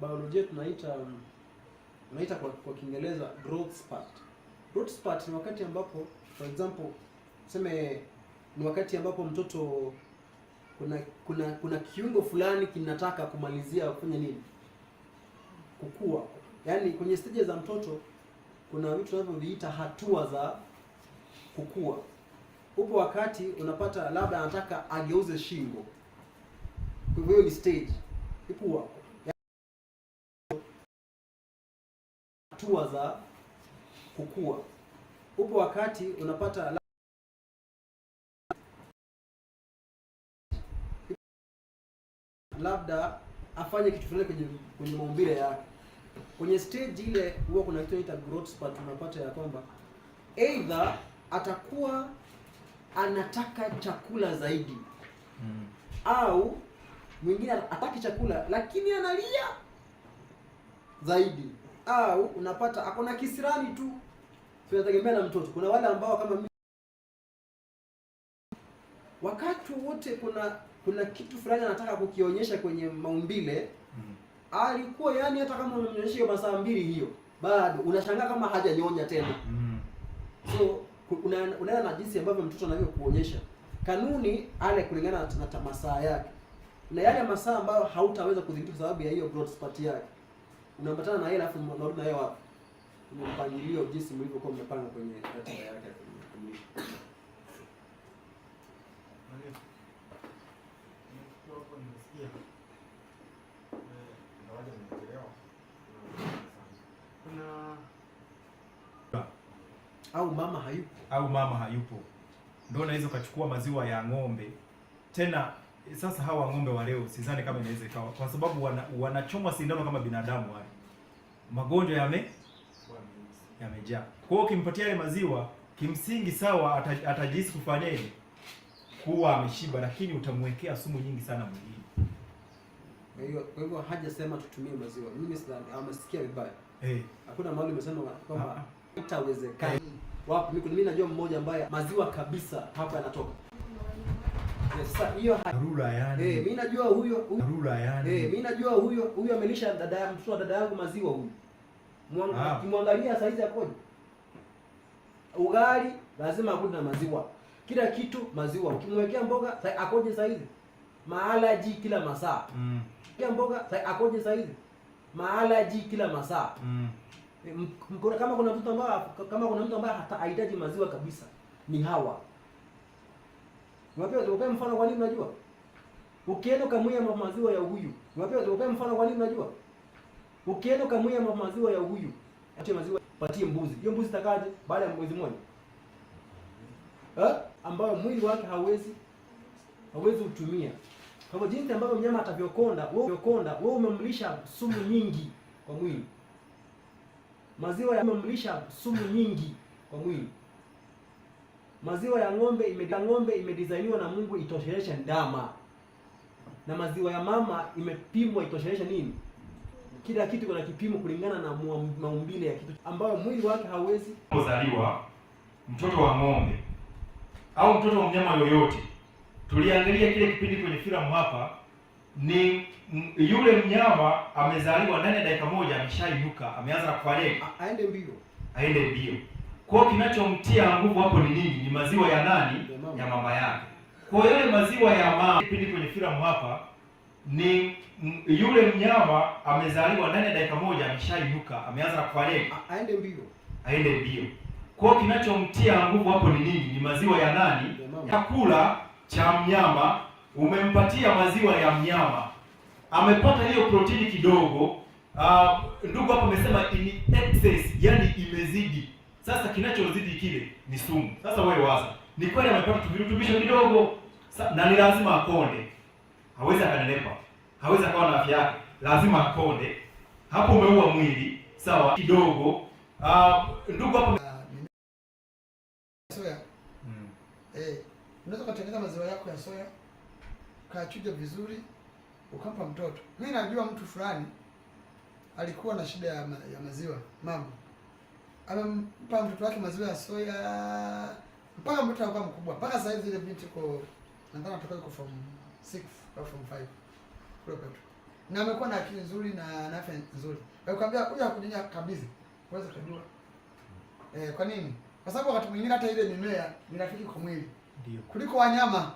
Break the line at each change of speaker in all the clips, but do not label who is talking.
biolojia tunaita um, tunaita kwa, kwa Kiingereza growth spurt. Growth spurt ni wakati ambapo for example tuseme ni wakati ambapo mtoto kuna kuna kuna kiungo fulani kinataka kumalizia kufanya nini, kukua. Yaani kwenye stage za mtoto kuna vitu tunavyoviita hatua za kukua. Upo wakati unapata labda anataka ageuze shingo, kwa hiyo ni stage ipua hatua za kukua. Upo wakati unapata labda afanye kitu fulani kwenye kwenye maumbile yake. Kwenye stage ile huwa kuna kitu inaitwa growth spurt, unapata ya kwamba either atakuwa anataka chakula zaidi mm, au mwingine ataki chakula lakini analia zaidi au unapata akona kisirani tu, tunategemea na mtoto. Kuna wale ambao kama mimi, wakati wote kuna kuna kitu fulani anataka kukionyesha kwenye maumbile mm -hmm. alikuwa yani, hata kama unamnyonyesha masaa mbili hiyo bado unashangaa kama hajanyonya tena mm -hmm. so unaenda una na jinsi ambavyo mtoto anavyokuonyesha kanuni ale kulingana na masaa yake na yale masaa ambayo hautaweza kudhibiti kwa sababu ya hiyo growth spurt yake unapatana na hela, alafu unarudi na hela wapi? Ni mpangilio jinsi mlivyokuwa mmepanga kwenye ratiba yake Au mama hayupo,
au mama hayupo, ndio unaweza ukachukua maziwa ya ng'ombe tena sasa hawa ng'ombe wa leo sidhani kama inaweza ikawa, kwa sababu wana, wanachomwa sindano kama binadamu wale, magonjwa yame yamejaa. Kwa hiyo ukimpatia yale maziwa kimsingi, sawa, atajihisi kufanyaje kuwa ameshiba, lakini utamwekea sumu nyingi sana mwilini.
Kwa hiyo kwa hivyo hajasema tutumie maziwa, mimi amesikia vibaya hey. Eh. Hakuna mahali umesema kwamba itawezekana ah, ah. wapi? Mimi najua mmoja ambaye maziwa kabisa hapa yanatoka sasa hiyo rula yani. Eh, mimi najua huyo rula yani. Eh, mimi najua huyo huyo amelisha dada yangu, mtoto dada yangu maziwa huyu. Ah. Ukimwangalia ah, saizi yakoje? Ugali lazima akuje na maziwa. Kila kitu maziwa. Ukimwekea mboga sai akoje saizi? Maalaji kila masaa. Mm. Kila mboga sai akoje saizi? Maalaji kila masaa. Mm. Eh, kama kuna mtu ambaye kama kuna mtu ambaye hata hahitaji maziwa kabisa ni hawa. Niwaambia usiogope mfano kwa nini unajua? Ukienda ukamwia maziwa ya huyu. Niwaambia usiogope mfano kwa nini unajua? Ukienda ukamwia maziwa ya huyu. Atie maziwa patie mbuzi. Hiyo mbuzi itakaje baada ya mwezi mmoja? Eh? Ambayo mwili wake hauwezi hauwezi utumia. Kwa hivyo jinsi ambavyo mnyama atavyokonda, wewe ukonda, wewe umemlisha sumu nyingi kwa mwili. Maziwa yamemlisha sumu nyingi kwa mwili. Maziwa ya ng'ombe ime ng'ombe imedizainiwa na Mungu itosheleshe ndama, na maziwa ya mama imepimwa itosheleshe nini? Kila kitu kuna kipimo kulingana na maumbile ya kitu ambayo mwili wake hauwezi
kuzaliwa. Mtoto wa ng'ombe au mtoto wa mnyama yoyote, tuliangalia kile kipindi kwenye filamu hapa, ni yule mnyama amezaliwa ndani ya dakika moja, ameshainuka, ameanza kufariki, aende mbio, aende mbio kwa hiyo kinachomtia nguvu hapo ni nini? Ni maziwa ya nani? Ya mama yake. Kwa hiyo yale maziwa ya mama pindi kwenye filamu hapa ni yule mnyama amezaliwa ndani ya dakika moja ameshainuka, ameanza kufanya aende mbio. Aende mbio. Kwa hiyo kinachomtia nguvu hapo ni nini? Ni maziwa ya nani? Chakula cha mnyama, umempatia maziwa ya mnyama. Amepata hiyo protini kidogo. Uh, ndugu hapo amesema in excess, yani imezidi. Sasa kinachozidi kile ni sumu. Sasa wewe waza, ni kweli amepata virutubisho kidogo na ni lazima akonde, hawezi akanenepa, hawezi akawa na afya yake, lazima akonde. Hapo umeua mwili sawa kidogo. Uh, ndugu hapo ah,
soya mm. Eh, unaweza kutengeneza maziwa yako ya soya ukachuja vizuri ukampa mtoto. Mimi najua mtu fulani alikuwa na shida ya, ma ya maziwa mama amempa mtoto wake maziwa ya soya mpaka mtoto anakuwa mkubwa. Mpaka sasa hivi ile binti ko nadhani anatoka iko form 6 au form 5 kule kwetu, na amekuwa na akili nzuri na afya nzuri. Akikwambia kuja kujinya kabisa uweze kujua eh. Kwa nini? Kwa sababu wakati mwingine hata ile mimea ni rafiki kwa mwili ndio kuliko wanyama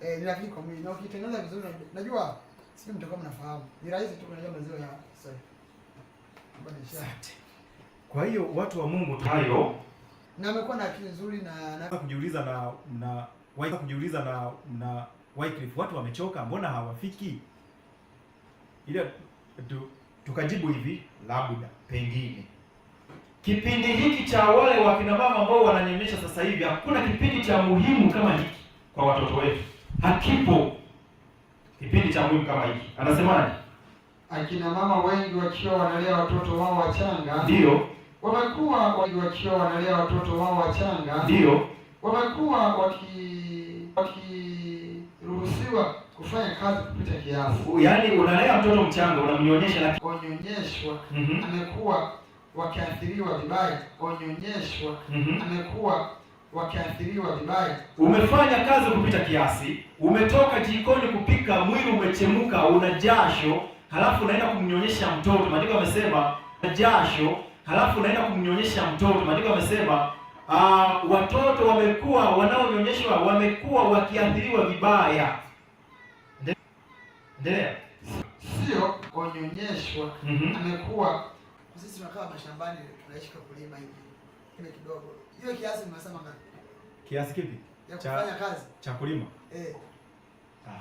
eh, ni rafiki kwa mwili, na ukitengeneza vizuri, najua sisi mtakuwa mnafahamu, ni rahisi tu kunajua maziwa ya soya.
Asante. Kwa hiyo watu wa Mungu tayo
na amekuwa na akili nzuri na na
kujiuliza na na wai kujiuliza na na Wycliffe, watu wamechoka, mbona hawafiki? Ila tu, tukajibu hivi, labda pengine kipindi hiki cha wale wakina mama ambao wananyonyesha sasa hivi, hakuna kipindi cha muhimu kama hiki kwa watoto wetu, hakipo kipindi cha muhimu kama hiki. Anasemaje?
akina mama wengi wakiwa wanalea watoto wao wachanga, ndio wamekuwa wakiwa wanalea watoto wao wachanga, ndio wamekuwa wakiruhusiwa waki kufanya kazi kupita kiasi.
Yaani unalea mtoto mchanga unamnyonyesha, lakini
wanyonyeshwa mm -hmm. amekuwa wakiathiriwa vibaya, wanyonyeshwa mm -hmm. amekuwa wakiathiriwa vibaya.
Umefanya kazi kupita kiasi, umetoka jikoni kupika, mwili umechemuka, una jasho, halafu unaenda kumnyonyesha mtoto. Maandiko amesema jasho halafu unaenda kumnyonyesha mtoto. Maandiko yamesema uh, watoto wamekuwa wanaonyonyeshwa wamekuwa wakiathiriwa vibaya. Endelea.
Sio kunyonyeshwa, mm -hmm. amekuwa sisi tunakaa mashambani tunaishi kwa kulima hivi kile kidogo, hiyo kiasi mnasema ngapi? Kiasi kipi cha kufanya kazi cha kulima eh? Ah,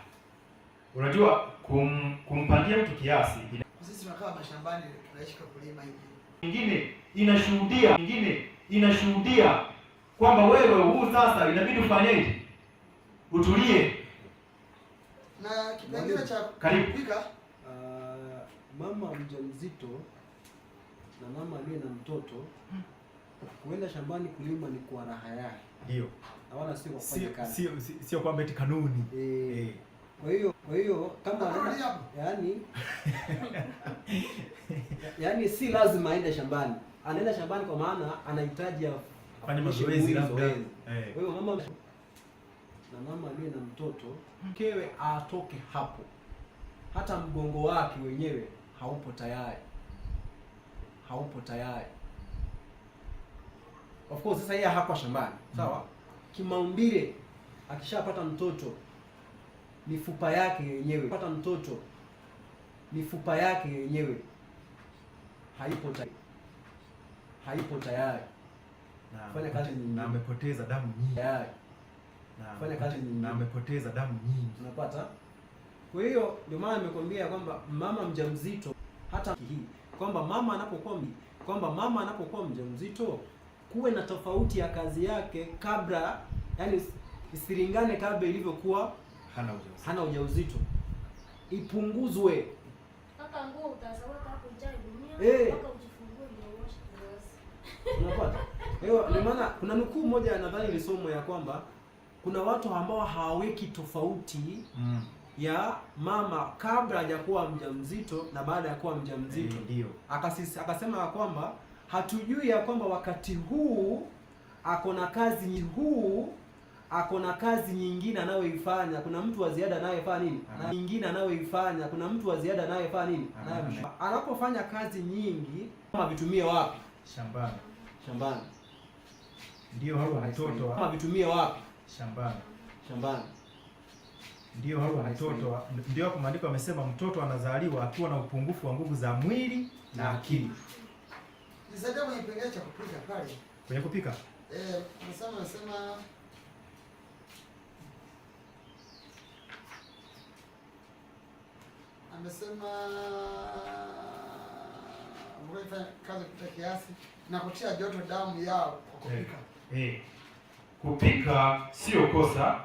unajua kum, kumpandia mtu kiasi.
Sisi tunakaa mashambani tunaishi kwa kulima hivi
nyingine inashuhudia nyingine inashuhudia kwamba wewe huu sasa inabidi ufanyeje? Utulie.
Na kipengele cha
karibika, uh,
ah, mama mjamzito na mama aliye na mtoto kuenda shambani kulima ni kwa raha yake, ndio, na wala sio kwa kazi,
sio sio kwamba eti kanuni
eh. Eh. Kwa hiyo kwa hiyo kama yani, yani si lazima aende shambani, anaenda shambani kwa maana anahitaji
afanye mazoezi labda. Eh.
Kwa hiyo mama na mama aliye na mtoto mkewe atoke hapo, hata mgongo wake wenyewe haupo tayari, haupo tayari. Of course sasa yeye hakwa shambani, sawa, mm. kimaumbile akishapata mtoto mifupa yake yenyewe pata mtoto mifupa yake yenyewe haipo tayari, haipo tayari
fanya kazi nyingi, na amepoteza damu nyingi tayari, na fanya kazi nyingi, na amepoteza damu nyingi,
unapata. Kwa hiyo ndio maana nimekwambia kwamba mama mjamzito hata hii kwamba mama anapokuwa kwamba mama anapokuwa mjamzito kuwe na tofauti ya kazi yake kabla, yani isilingane kabla ilivyokuwa hana ujauzito, hana ujauzito ipunguzwe. Eh, unapata hiyo. ni maana kuna nukuu moja nadhani lisomo ya kwamba kuna watu ambao hawaweki tofauti mm. ya mama kabla hajakuwa mjamzito na baada ya kuwa mjamzito eh, ndio. Hey, akasema ya kwamba hatujui ya kwamba wakati huu ako na kazi huu ako na kazi nyingine anayoifanya, kuna mtu wa ziada anayefanya nini na nyingine anayoifanya, kuna mtu wa ziada anayefanya nini, anapofanya kazi nyingi kama vitumie wapi? Shambani, shambani.
Ndio hao watoto
kama vitumie wapi? Shambani, shambani.
Ndio hao watoto, ndio hapo maandiko yamesema mtoto anazaliwa akiwa na upungufu wa nguvu za mwili na akili.
Nisaidie kwenye kipengele cha kupika pale, kwenye kupika eh, nasema nasema amesema fanya kazi kupita kiasi na kutia joto damu yao kwa eh, kupika.
Hey, eh, hey. Kupika sio kosa.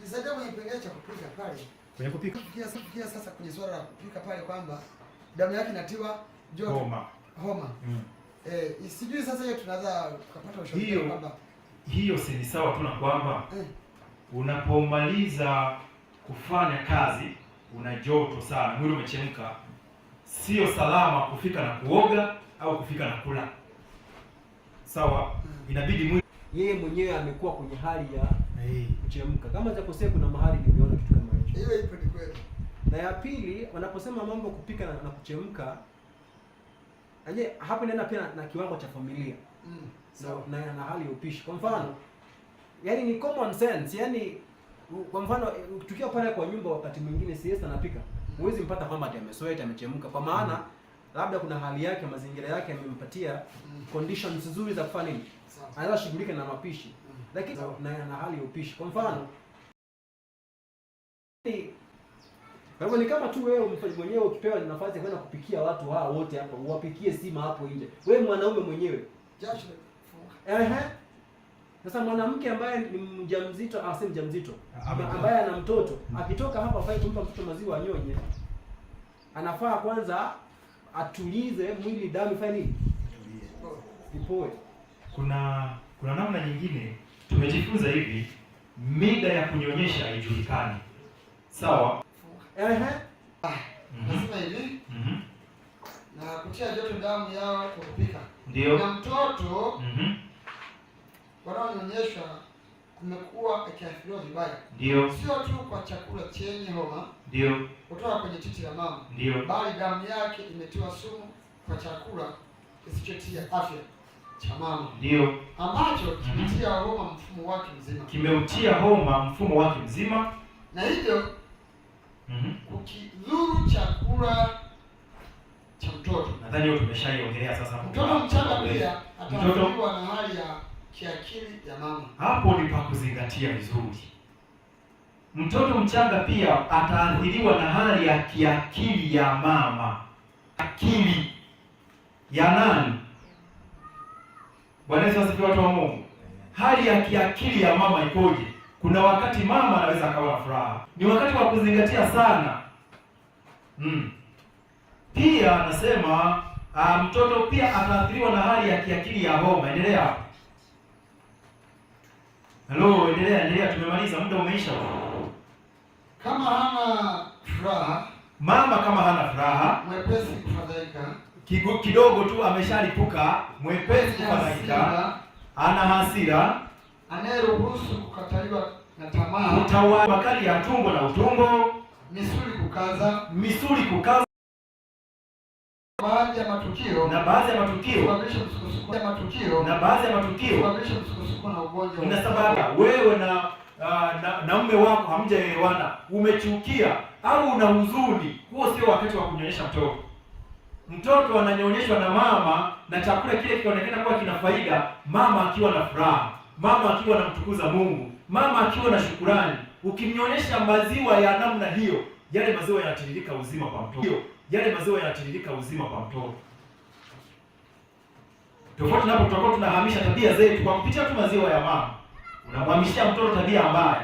Nisaidia kwenye kipengele cha kupika pale. Kwenye kupika. Kia sasa kwenye swala la kupika pale kwamba damu yake inatiwa joto. Homa. Homa. Mm. Eh, sijui sasa hiyo tunaweza kupata ushauri hiyo, kwamba
hiyo si ni sawa tu na kwamba eh, unapomaliza kufanya kazi una joto sana, mwili umechemka, sio salama kufika na kuoga au kufika na kula. Sawa, hmm. inabidi mwili
yeye mwenyewe amekuwa kwenye hali ya kuchemka. Kama zakosea, kuna mahali nimeona kitu kama hicho. Hiyo ipo ni kweli. Na ya pili, wanaposema mambo kupika na, na kuchemka, aje hapo inaenda pia na, na kiwango cha familia mm, na, na, na hali ya upishi. Kwa mfano, hmm. yani ni common sense, yani kwa mfano tukiwa pale kwa nyumba, wakati mwingine siesta anapika, huwezi mpata kwamba ati amechemka, kwa maana labda kuna hali yake, mazingira yake yamempatia conditions nzuri za kufanya nini, anaweza shughulike na mapishi, mm-hmm. lakini na, na hali ya upishi. Kwa mfano mm-hmm. kwa hivyo ni kama tu wewe mwenyewe ukipewa nafasi ya kwenda kupikia watu hao wote hapa, uwapikie sima hapo nje, wewe mwanaume mwenyewe ehe sasa mwanamke ambaye ni mjamzito au si mjamzito, ambaye ana mtoto akitoka hapa afai kumpa mtoto maziwa anyonye, anafaa kwanza atulize mwili, damu ifanye nini, ipoe.
Kuna kuna namna nyingine tumejifunza hivi, mida ya kunyonyesha haijulikani, sawa?
Ehe, lazima ah, mhm. hivi mhm. na kutia joto damu yao kupika, ndio na mtoto mm -hmm wanaonyonyesha kumekuwa akiathiriwa vibaya, ndio sio tu kwa chakula chenye homa ndio kutoka kwenye titi la mama, ndio bali damu yake imetiwa sumu kwa chakula kisichotia afya cha mama, ndio ambacho mhm. kimetia homa mfumo wake mzima,
kimeutia homa mfumo wake mzima,
na hivyo mm kukidhuru chakula cha mtoto.
Nadhani hiyo tumeshaiongelea sasa.
Mtoto mchanga pia atakuwa na hali ya kiakili mama.
Hapo ni pa kuzingatia vizuri. Mtoto mchanga pia ataathiriwa na hali ya kiakili ya mama. Akili ya nani? Bwana Yesu asifiwe, watu wa Mungu. Hali ya kiakili ya mama ikoje? Kuna wakati mama anaweza akawa furaha, ni wakati wa kuzingatia sana hmm. Pia anasema ah, mtoto pia ataathiriwa na hali ya kiakili ya homa. Endelea. Hello, endelea endelea, tumemaliza, muda umeisha.
Kama hana furaha,
mama kama hana furaha,
mwepesi kufadhaika,
kidogo tu ameshalipuka, mwepesi kufadhaika, ana hasira,
anayeruhusu kukataliwa na tamaa,
utawala makali ya tumbo na utumbo,
misuli kukaza,
misuli kukaza
baadhi ya matukio
na baadhi ya matukio
na baadhi ya matukio
inasababisha wewe na uh, na, na mume wako hamjaelewana, umechukia au una huzuni, huo sio wakati wa kunyonyesha mtoto. Mtoto ananyonyeshwa na mama na chakula kile kikaonekana kuwa kina faida, mama akiwa na furaha, mama akiwa anamtukuza Mungu, mama akiwa na shukurani. Ukimnyonyesha maziwa ya namna hiyo yale maziwa yanatiririka uzima kwa mtoto, yale maziwa yanatiririka uzima kwa mtoto. Tofauti napo, tutakuwa tunahamisha tabia zetu kwa kupitia tu maziwa ya mama. Unamhamishia mtoto tabia ambayo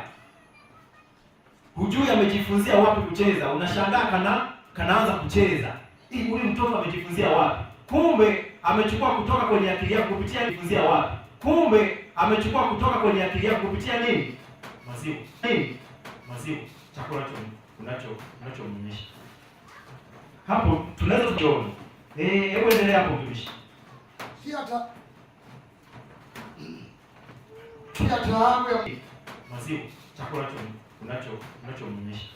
hujui amejifunzia wapi kucheza, unashangaa kana kanaanza kucheza. Hii huyu mtoto amejifunzia wapi? Kumbe amechukua kutoka kwenye akili yako kupitia kujifunzia wapi? Kumbe amechukua kutoka kwenye akili yako kupitia nini? Maziwa. Nini? Maziwa chakula unacho unachomnyonyesha. Hapo tunaweza kuona. Eh, hebu endelea hapo mtumishi.
Si hata si hata hapo ya
maziwa chakula unacho unachomnyonyesha.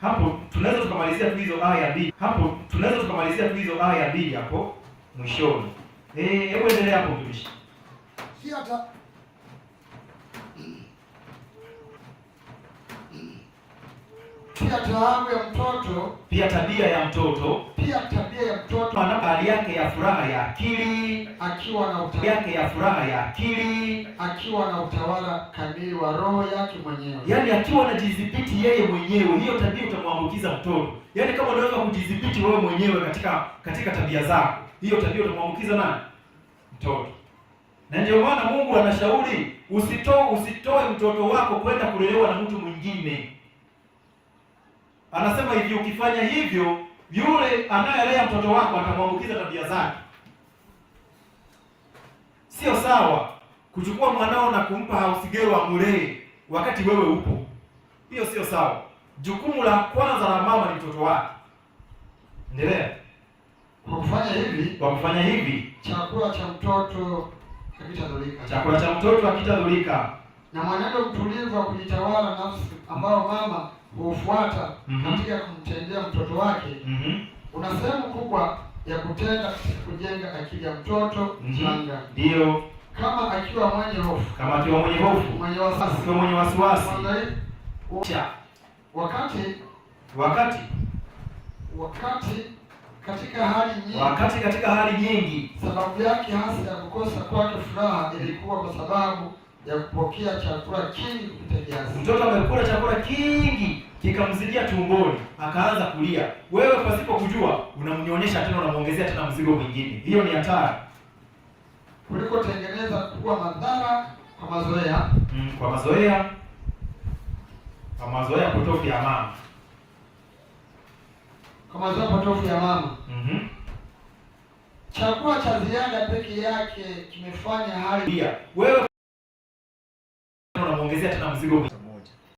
Hapo tunaweza tukamalizia tu hizo aya mbili. Hapo tunaweza tukamalizia tu hizo aya mbili hapo mwishoni. Eh, hebu endelea hapo mtumishi.
Si hata pia taabu ya mtoto,
pia tabia ya mtoto,
pia tabia ya mtoto,
ana hali yake ya furaha ya akili
akiwa na utawala
yake ya furaha ya akili
akiwa na utawala kamili wa roho yake mwenyewe,
yaani akiwa na anajidhibiti yeye mwenyewe, hiyo tabia utamwambukiza mtoto. Yaani kama unaweza kujidhibiti wewe mwenyewe katika katika tabia zako, hiyo tabia utamwambukiza nani? Mtoto. Na ndio maana Mungu anashauri usitoe usitoe mtoto wako kwenda kulelewa na mtu mwingine. Anasema hivi, ukifanya hivyo yule anayelea mtoto wako atamwambukiza tabia zake. Sio sawa kuchukua mwanao na kumpa hausigero amulee wakati wewe upo, hiyo sio sawa. Jukumu la kwanza la mama ni mtoto wake. Endelea.
Kwa kufanya hivi,
kwa kufanya hivi
chakula cha mtoto hakitadhurika,
chakula cha mtoto hakitadhurika
na mwenendo mtulivu wa kujitawala nafsi ambao mama huufuata mm -hmm. katika kumtendea mtoto wake mm -hmm. una sehemu kubwa ya kutenda katika kujenga akili ya mtoto mchanga mhm. mm ndio kama akiwa mwenye hofu
kama akiwa mwenye hofu mwenye wasiwasi akiwa mwenye wasiwasi wakati wakati
wakati katika hali nyingi
wakati katika hali nyingi
sababu yake hasa ya kukosa kwake furaha ilikuwa kwa sababu ya kupokea chakula kingi kupita kiasi.
Mtoto amekula chakula kingi kikamzidia tumboni, akaanza kulia. Wewe pasipo kujua unamnyonyesha tena, unamwongezea tena mzigo mwingine. Hiyo ni hatari
kuliko tengeneza kuwa madhara kwa mazoea
mm, kwa mazoea kwa mazoea potofu ya mama,
kwa mazoea potofu ya mama mm -hmm. Chakula cha ziada peke yake kimefanya hali
wewe Mzigo